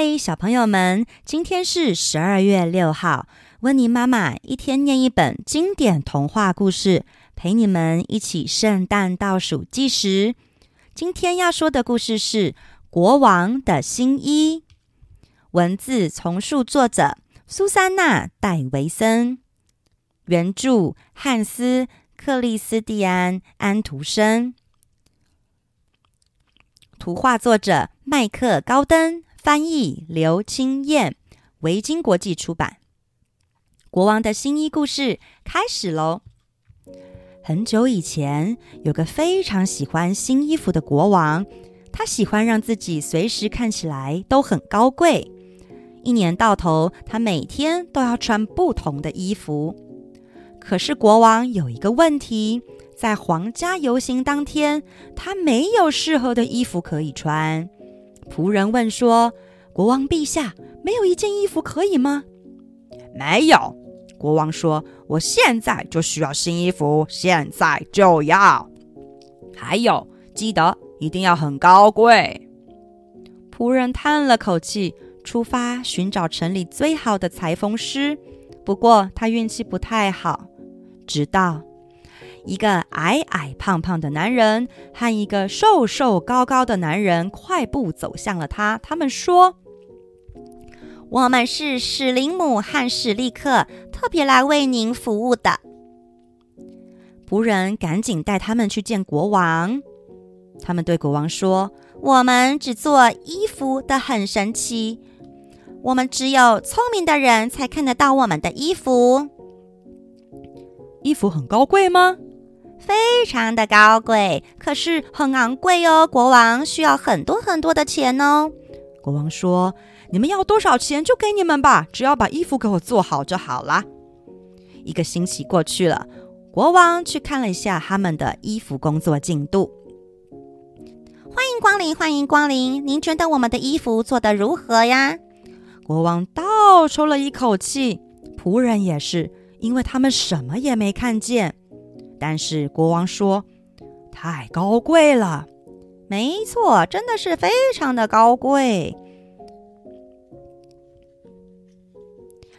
嗨，Hi, 小朋友們，今天是十二月六號。溫妮媽媽一天念一本經典童話故事，陪你們一起聖誕倒數計時。今天要說的故事是《國王的新衣》，文字重述作者蘇珊娜·戴維森，原著漢斯·克里斯蒂安·安徒生，圖畫作者麥克·高登。翻譯劉清彥，維京國際出版。國王的新衣故事開始嘍。很久以前，有個非常喜歡新衣服的國王，他喜歡讓自己隨時看起來都很高貴。一年到頭，他每天都要穿不同的衣服。可是，國王有一個問題：在皇家遊行當天，他沒有適合的衣服可以穿。僕人問說：“國王陛下，沒有一件衣服可以嗎？”“沒有。”國王說：“我現在就需要新衣服，現在就要。還有，記得一定要很高貴。”僕人嘆了口氣，出發尋找城裡最好的裁縫師。不過他運氣不太好，直到……一個矮矮胖胖的男人和一個瘦瘦高高的男人快步走向了他。他們說：“我們是史林姆和史利克，特別來為您服務的。”僕人趕緊帶他們去見國王。他們對國王說：“我們只做衣服的，很神奇。我們只有聰明的人才看得到我們的衣服。衣服很高貴嗎？”非常的高貴，可是很昂貴哦。國王需要很多很多的錢哦。國王說：“你們要多少錢就給你們吧，只要把衣服給我做好就好了。”一個星期過去了，國王去看了一下他們的衣服工作進度。歡迎光臨，歡迎光臨。您覺得我們的衣服做得如何呀？國王倒抽了一口氣，僕人也是，因為他們什麼也沒看見。但是國王說：“太高貴了。”沒錯，真的是非常的高貴。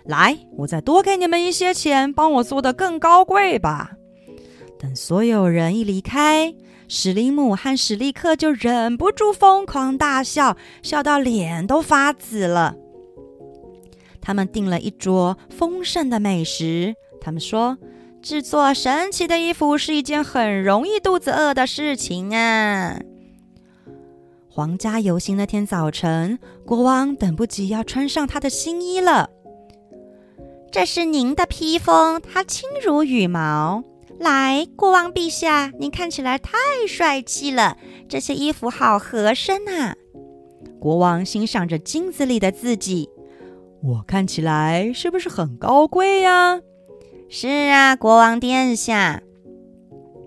來，我再多給你們一些錢，幫我做得更高貴吧。等所有人一離開，史利姆和史利克就忍不住瘋狂大笑，笑到臉都發紫了。他們訂了一桌豐盛的美食，他們說。製作神奇的衣服是一件很容易肚子餓的事情啊！皇家遊行那天早晨，國王等不及要穿上他的新衣了。這是您的披風，它輕如羽毛。來，國王陛下，您看起來太帥氣了。這些衣服好合身啊！國王欣賞着鏡子裡的自己，我看起來是不是很高貴呀、啊？是啊，國王殿下。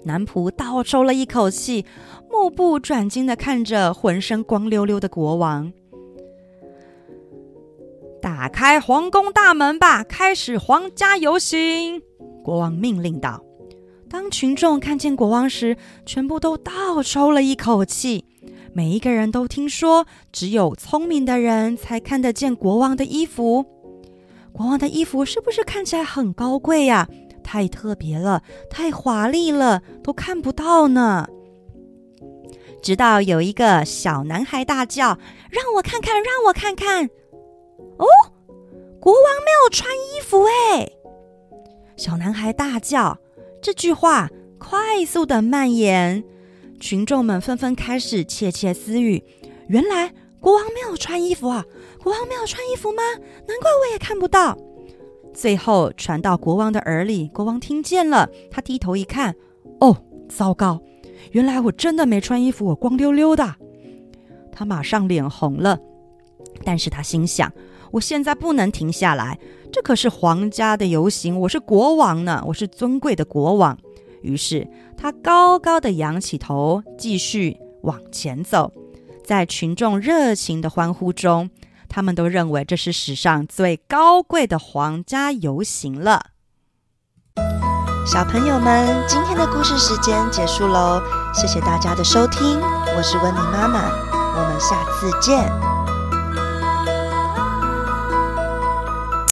男僕倒抽了一口氣，目不轉睛的看着渾身光溜溜的國王。打開皇宮大門吧，開始皇家遊行。國王命令道。當群眾看見國王時，全部都倒抽了一口氣。每一個人都聽說，只有聰明的人才看得見國王的衣服。國王的衣服是不是看起來很高貴呀？太特別了，太華麗了，都看不到呢。直到有一個小男孩大叫：“讓我看看，讓我看看！”哦，國王沒有穿衣服哎！小男孩大叫，這句話快速的蔓延，群眾們紛紛開始竊竊私語。原來……國王沒有穿衣服啊！國王沒有穿衣服嗎？難怪我也看不到。最後傳到國王的耳裡，國王聽見了，他低頭一看，哦，糟糕！原來我真的沒穿衣服，我光溜溜的。他馬上臉紅了，但是他心想：我現在不能停下來，這可是皇家的遊行，我是國王呢，我是尊貴的國王。於是他高高的揚起頭，繼續往前走。在群眾熱情的歡呼中，他們都認為這是史上最高貴的皇家遊行了。小朋友們，今天的故事時間結束嘍，謝謝大家的收聽，我是溫妮媽媽，我們下次見。